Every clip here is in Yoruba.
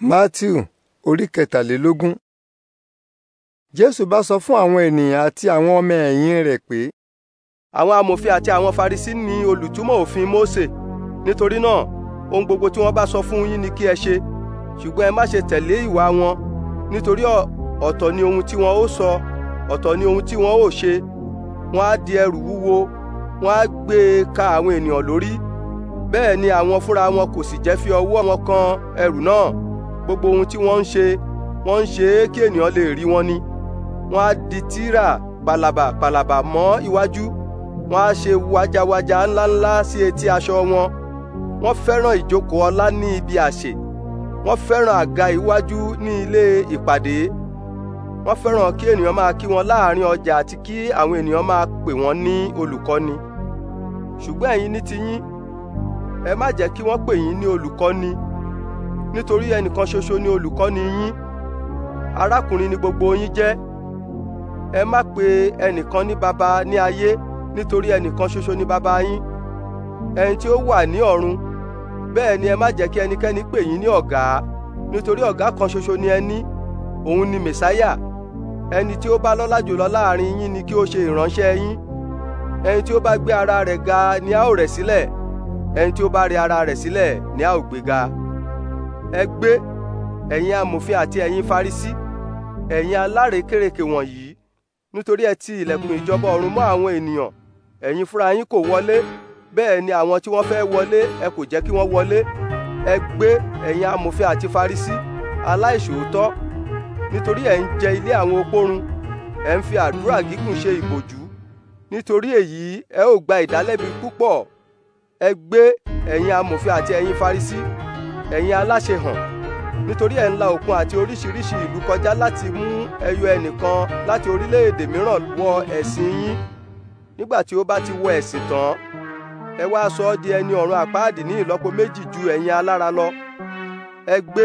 matthew orí kẹtàlélógún. jésù bá sọ fún àwọn ènìyàn àti àwọn ọmọ ẹ̀yìn rẹ̀ pé. àwọn amòfin àti àwọn farisi ni olùtúmọ̀ òfin mósè nítorí náà ohun gbogbo tí wọ́n bá sọ fún yín ni kí ẹ ṣe ṣùgbọ́n ẹ má ṣe tẹ̀lé ìwà wọn nítorí ọ̀tọ̀ ni ohun tí wọn ó sọ ọ̀tọ̀ ni ohun tí wọn ó ṣe wọn á di ẹrù wúwo wọn á gbé e ka àwọn ènìyàn lórí bẹ́ẹ̀ ni àwọn fúnra wọn kò sì jẹ́ fi ọwọ́ wọn kan ẹrù náà gbogbo ohun tí wọ́n ń ṣe wọ́n ń ṣe é kí ènìyàn lè rí wọn ni wọ́n á di tírà palaba palaba mọ́ iwájú wọ́n á ṣe wajawaja ńláńlá sí etí aṣọ wọn wọ́n fẹ́ràn ìjókòó ọlá ní ibi àṣẹ wọ́n fẹ́ràn àga iwájú ní ilé ìpàdé wọ́n fẹ́ràn kí ènìyàn máa kí wọn láàrin ọjà àti kí àwọn ènìyàn máa pè wọ́n ní olùkọ́ni ṣùgbọ́n ẹ̀yin ní tiyín ẹ má jẹ́ kí wọ́n pè yín ní olùkọ́ni nítorí ẹnìkan ṣoṣo ni olùkọ́ni yín arákùnrin ni gbogbo yín jẹ́ ẹ má pe ẹnìkan ní baba ní ayé nítorí ẹnìkan ṣoṣo ni baba yín ẹni tí ó wà ní ọ̀run bẹ́ẹ̀ ni ẹ má jẹ́ kí ẹnikẹ́ni pè yín ní ọ̀gá nítorí ọ̀gá kan ṣoṣo ni ẹ ní òun ni mẹ̀sáyà ẹni tí ó bá lọ́lá jùlọ láàrin yín ni kí ó ṣe ìránṣẹ́ yín ẹni tí ó bá gbé ara rẹ̀ ga ni a ó rẹ̀ sílẹ̀ ẹni tí ó bá rẹ̀ ara rẹ̀ sílẹ̀ ni a ó gbé ga ẹ gbé ẹ̀yin amòfin àti ẹ̀yin Farisí ẹ̀yin alárékérekè wọ̀nyí nítorí ẹ ti ilẹ̀kùn ìjọba ọ̀run mọ́ àwọn ènìyàn ẹ̀yin fúnra yín kò wọlé bẹ́ẹ̀ ni àwọn tí wọ́n fẹ́ wọlé ẹ kò jẹ́ kí wọ́n wọlé ẹ gbé ẹ̀yin amòfin àti Farisí aláìṣòótọ́ nítorí ẹ ń jẹ ilé àwọn opó run ẹ ń fi àdúrà gígùn ṣe ìbòjú nítorí èyí ẹ ó gba ìdálẹ́bi púpọ̀ ẹ gbé ẹ̀yin amòfin àti ẹ̀yin Farisí ẹ̀yin aláṣẹ hàn nítorí ẹ̀ ń la òkun àti oríṣiríṣi ìlú kọjá láti mú ẹyọ ẹnìkan láti orílẹ̀-èdè mìíràn wọ ẹ̀sìn yín nígbà tí ó bá ti wọ ẹ̀sìn tán ẹ wá sọ ọ́ di ẹni ọ̀run àpáàdì ní ìlọ́po méjì ju ẹ̀yin alára lọ ẹ gbé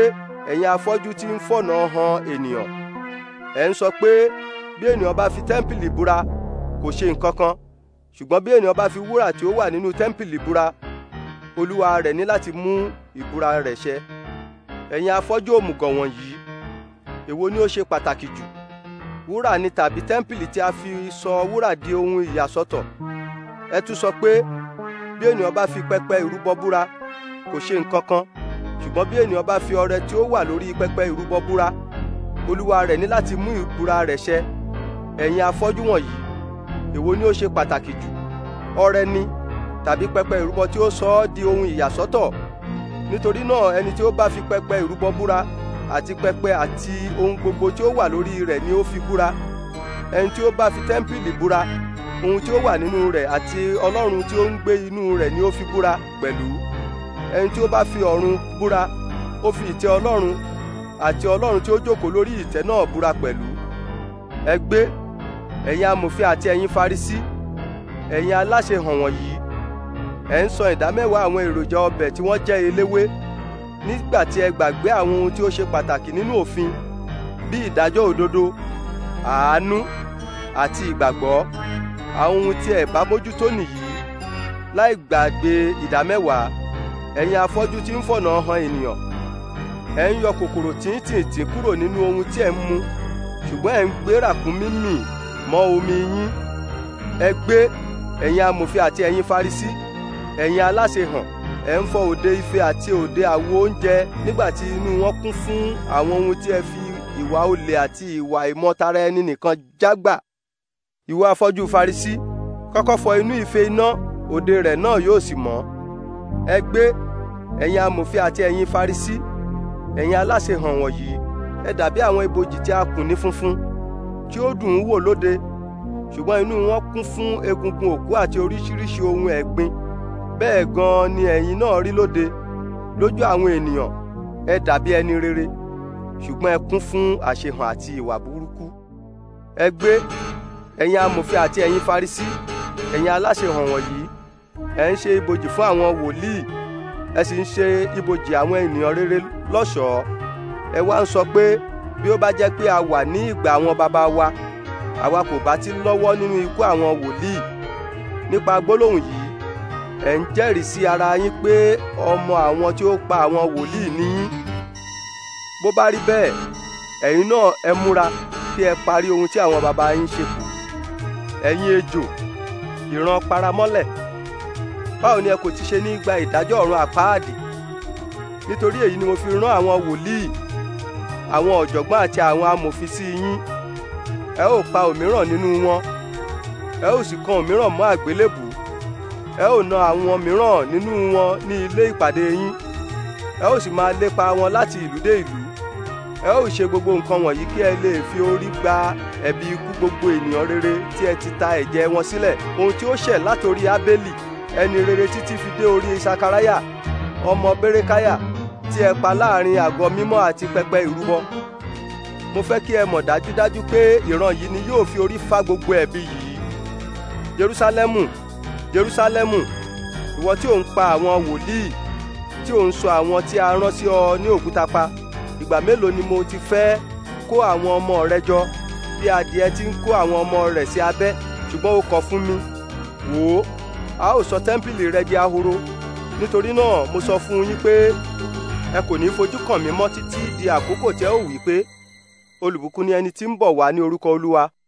ẹ̀yin afọ́jú tí ń fọ̀nà han ènìyàn ẹ ń sọ pé bí ènìyàn bá fi tẹ́ḿpìlì búra kò ṣe nǹkan kan ṣùgbọ́n bí ènìyàn bá fi wúrà tí ó wà nínú tẹ́ḿpìlì búra olúwa rẹ̀ ní láti mú ìbúra rẹ̀ ṣẹ ẹ̀yin afọ́jú òmùgọ̀ wọ̀nyí èwo ni ó ṣe pàtàkì jù wúrà ni tàbí tẹ́ḿpìlì tí a fi sọ wúrà di ohun ìyàsọ́tọ̀ ẹ tún sọ pé bí ènìyàn bá fi pẹpẹ ìrúbọ búra kò ṣe nǹkan kan ṣùgbọ́n bí ènìyàn bá fi ọrẹ tí ó wà lórí pẹpẹ ìrúbọ búra olúwa rẹ̀ ní láti mú ìbúra rẹ̀ ṣẹ ẹ̀yin afọ́jú wọ̀nyí èwo ni ó ṣe pàtàkì jù ọrẹ ni tàbí pẹpẹ ìrúbọ tí ó sọ ọ́ di ohun ìyàsọ́tọ̀ nítorí náà ẹni tí ó bá fi pẹpẹ ìrúbọ búra àti pẹpẹ àti ohun gbogbo tí ó wà lórí rẹ̀ ni ó fi búra ẹni tí ó bá fi tẹ́ḿpìlì búra ohun tí ó wà nínú rẹ̀ àti ọlọ́run tí ó ń gbé inú rẹ̀ ni ó fi búra pẹ̀lú ẹni tí ó bá fi ọ̀run búra ó fi ìtẹ́ ọlọ́run àti ọlọ́run tí ó jókòó lórí ìtẹ́ náà búra pẹ̀lú ẹ gbé amòfin àti ẹ̀yin farisí ẹ̀yin aláṣẹ hàn wọ̀nyí ẹ̀ ń sọ ìdámẹ́wàá àwọn èròjà ọbẹ̀ tí wọ́n jẹ́ eléwé nígbà tí ẹ gbàgbé àwọn ohun tí ó ṣe pàtàkì nínú òfin bí ìdájọ́ òdodo àánú àti ìgbàgbọ́ àwọn ohun tí ẹ bá mójútó nìyí láì gbàgbé ìdámẹ́wàá ẹ̀yin afọ́jú tí ń fọ̀nà han ènìyàn ẹ ń yọ kòkòrò tíntìntì kúrò nínú ohun tí ẹ ń mu ṣùgbọ́n ẹ ń gbé ràkúnmí mì mọ́ omi yín ẹ gbé ẹ̀yin amòfin àti ẹ̀yin farisí ẹ̀yin aláṣẹ hàn ẹ̀ ń fọ òde ife àti òde àwo oúnjẹ nígbà tí inú wọn kún fún àwọn ohun tí ẹ fi ìwà olè àti ìwà ìmọtara ẹni nìkan jágbà ìwà afọ́jú Farisí kọ́kọ́ fọ inú ife iná òde rẹ̀ náà yóò sì mọ́ ẹ gbé ẹ̀yin amòfin àti ẹ̀yin Farisí ẹ̀yin aláṣẹ hàn wọ̀nyí ẹ dàbí àwọn ibojì tí a kùn ní funfun tí ó dùn ún wò lóde ṣùgbọ́n inú wọn kún fún egungun òkú àti oríṣiríṣi ohun ẹ̀gbin bẹ́ẹ̀ gan-an ni ẹ̀yin náà rí lóde lójú àwọn ènìyàn ẹ dàbí ẹni rere ṣùgbọ́n ẹ kún fún àṣehàn àti ìwà burúkú ẹ gbé ẹ̀yin amòfin àti ẹ̀yin farisi. ẹ̀yin aláṣehàn wọ̀nyí ẹ ń ṣe ibojì fún àwọn wòlíì ẹ sì ń ṣe ibojì àwọn ènìyàn rere lọ́ṣọ̀ọ́ ẹ wá ń sọ pé bí ó bá jẹ́ pé a wà ní ìgbà àwọn bàbá wa àwa kò bá ti lọ́wọ́ nínú ikú àwọn wòlíì nípa gbólóhùn yìí ẹ̀ ń jẹ́rìí sí ara yín pé ọmọ àwọn tí ó pa àwọn wòlíì nìyí bó bá rí bẹ́ẹ̀ ẹ̀yin náà ẹ múra kí ẹ parí ohun tí àwọn baba yín ṣe kù ẹ̀yin ejò ìran paramọ́lẹ̀ báwo ni ẹ kò ti ṣe ní gba ìdájọ́ ọ̀run àpáàdì nítorí èyí ni mo fi rán àwọn wòlíì àwọn ọ̀jọ̀gbọ́n àti àwọn amòfin sí yín ẹ ó pa òmíràn nínú wọn ẹ ó sì kan òmíràn mọ́ àgbélébùú ẹ ó na àwọn mìíràn nínú wọn ní ilé ìpàdé yín ẹ ó sì máa lépa wọn láti ìlú dé ìlú ẹ ó ṣe gbogbo nǹkan wọ̀nyí kí ẹ lè fi orí gba ẹ̀bi ikú gbogbo ènìyàn rere tí ẹ ti ta ẹ̀jẹ̀ wọn sílẹ̀ ohun tí ó ṣẹ̀ látòrí ábélì ẹni rere títí fi dé orí sakaraya ọmọ bẹ́rẹ́káyà tí ẹ pa láàrin àgọ́ mímọ́ àti pẹpẹ ìrúbọ mo fẹ́ kí ẹ mọ̀ dájúdájú pé ìran yìí ni yóò fi orí fa gbogbo ẹ̀bi yìí Jerúsálẹ́mù jerusalemu ìwọ tí ò ń pa àwọn wòlíì tí ò ń sọ àwọn tí a rán sí ọ ní òkúta pa ìgbà mélòó ni mo ti fẹ́ kó àwọn ọmọ rẹ jọ bí adìẹ ti ń kó àwọn ọmọ rẹ̀ sí abẹ́ ṣùgbọ́n ó kọ̀ fún mi wò ó a ó sọ tẹ́ḿpìlì rẹ di ahoro nítorí náà mo sọ fún yín pé ẹ kò ní fojú kàn mí mọ́ títí di àkókò tí ẹ ó wí pé olùbùkún ni ẹni tí ń bọ̀ wá ní orúkọ olúwa